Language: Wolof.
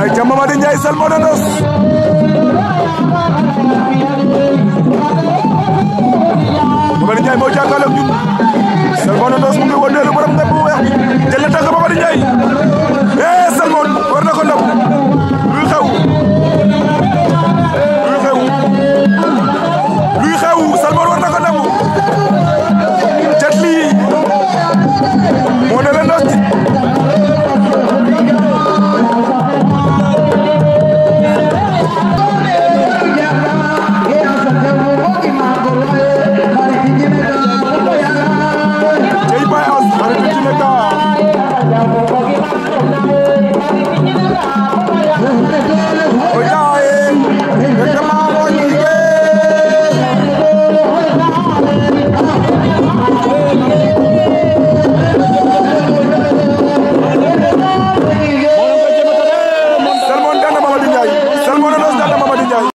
ay ca Mamady Ndiaye Salmo de Ndos Mamady Ndiaye moo jàkkaarloog ñun Let's go.